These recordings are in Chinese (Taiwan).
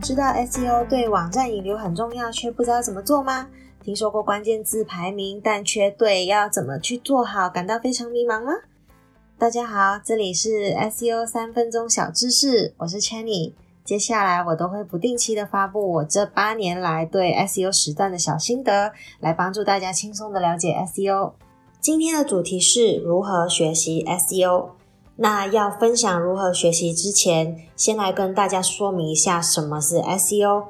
知道 SEO 對網站引流很重要，卻不知道怎麼做嗎？聽說過關鍵字排名，但卻對要怎麼去做好感到非常迷茫嗎？大家好，這裡是 SEO 三分鐘小知識，我是 Channy。接下來我都會不定期的發布我這八年來對 SEO 實戰的小心得，來幫助大家輕鬆的了解 SEO。今天的主題是如何學習 SEO。那要分享如何學習之前，先來跟大家說明一下什麼是 SEO。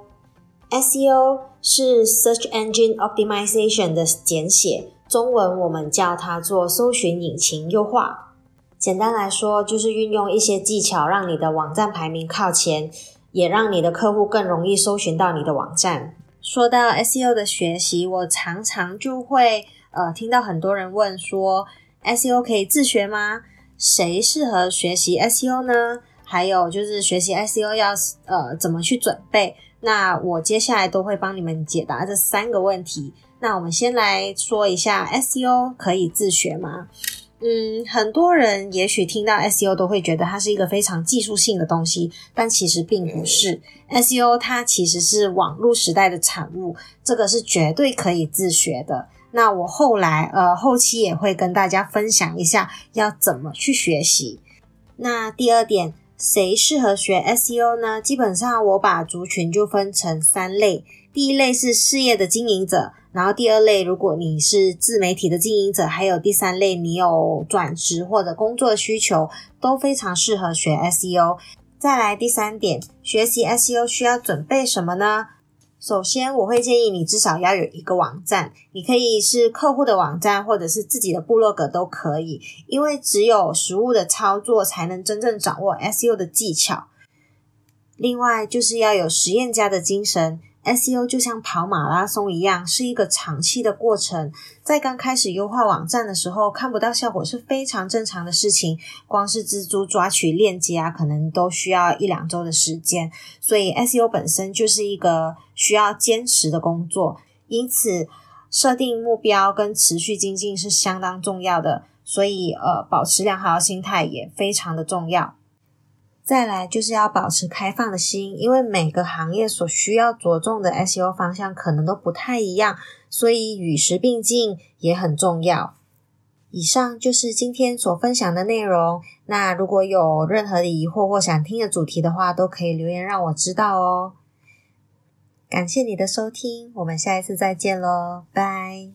SEO 是 Search Engine Optimization 的簡寫，中文我們叫它做搜尋引擎優化。簡單來說，就是運用一些技巧，讓你的網站排名靠前，也讓你的客戶更容易搜尋到你的網站。說到 SEO 的學習，我常常就會呃聽到很多人問說，SEO 可以自學嗎？誰適合學習 SEO 呢？還有就是學習 SEO 要，呃，怎麼去準備？那我接下來都會幫你們解答這三個問題。那我們先來說一下 SEO 可以自學嗎？嗯，很多人也許聽到 SEO 都會覺得它是一個非常技術性的東西，但其實並不是。嗯，SEO 它其實是網絡時代的產物，這個是絕對可以自學的。那我後來，呃，後期也會跟大家分享一下要怎麼去學習。那第二點，誰適合學 SEO 呢？基本上我把族群就分成三類，第一類是事業的經營者，然後第二類如果你是自媒體的經營者，還有第三類你有轉職或者工作需求，都非常適合學 SEO。再來第三點，學習 SEO 需要準備什麼呢？首先，我會建議你至少要有一個網站，你可以是客戶的網站，或者是自己的部落格都可以。因為只有實務的操作，才能真正掌握 SEO 的技巧。另外，就是要有實驗家的精神。SEO 就像跑馬拉松一樣，是一個長期的過程。在剛開始優化網站的時候，看不到效果是非常正常的事情。光是蜘蛛抓取鏈接啊，可能都需要一兩周的時間。所以，SEO 本身就是一個需要堅持的工作。因此，設定目標跟持續精進是相當重要的。所以，呃，保持良好的心態也非常的重要。再來就是要保持開放的心，因為每個行業所需要着重的 SEO 方向可能都不太一樣，所以與時並進也很重要。以上就是今天所分享的內容。那如果有任何的疑惑或想聽的主題的話，都可以留言讓我知道哦。感謝你的收聽，我們下一次再見嘍，拜。